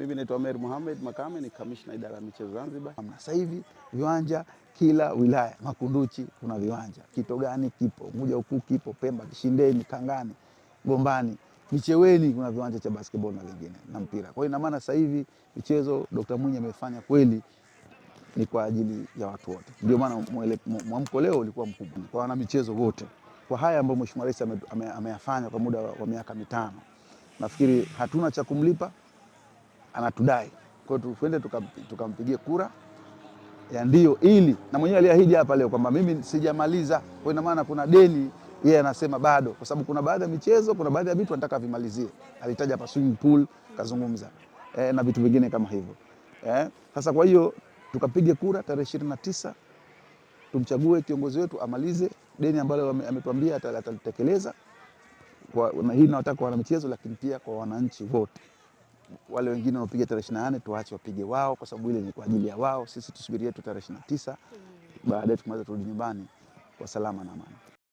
Mimi naitwa Mer Mohamed Makame, ni kamishna idara ya michezo Zanzibar. Sasa hivi viwanja kila wilaya, Makunduchi kuna viwanja, Kitogani kipo, Nguja Ukuu kipo, Pemba, Kishindeni, Kangani, Gombani, Micheweni kuna viwanja cha basketball na vingine na mpira. Kwa hiyo ina maana sasa hivi michezo Dr. Mwinyi amefanya kweli ni kwa ajili ya watu wote, ndio maana mwamko leo ulikuwa mkubwa kwa wana michezo wote, kwa haya ambayo Mheshimiwa Rais ameyafanya ame, ame kwa muda wa, wa miaka mitano. Nafikiri hatuna cha kumlipa anatudai. Kwa hiyo tuende tukampigie tuka kura ya ndio, ili na mwenyewe aliahidi hapa leo kwamba mimi sijamaliza. Kwa ina maana kuna deni yeye, yeah, anasema bado, kwa sababu kuna baadhi ya michezo, kuna baadhi ya vitu anataka vimalizie. Alitaja hapa swimming pool kazungumza, eh, na vitu vingine kama hivyo eh. Sasa kwa hiyo tukapige kura tarehe ishirini na tisa tumchague kiongozi wetu amalize deni ambalo ametuambia atalitekeleza. na Hii nataka wana michezo, lakini pia kwa wananchi wote wale wengine wanaopiga tarehe ishirini tuwaache wapige wao, kwa sababu ile ni kwa ajili ya wao. Sisi tusubiri yetu tarehe ishirini tisa mm. baadaye tukimaliza turudi nyumbani kwa salama na amani.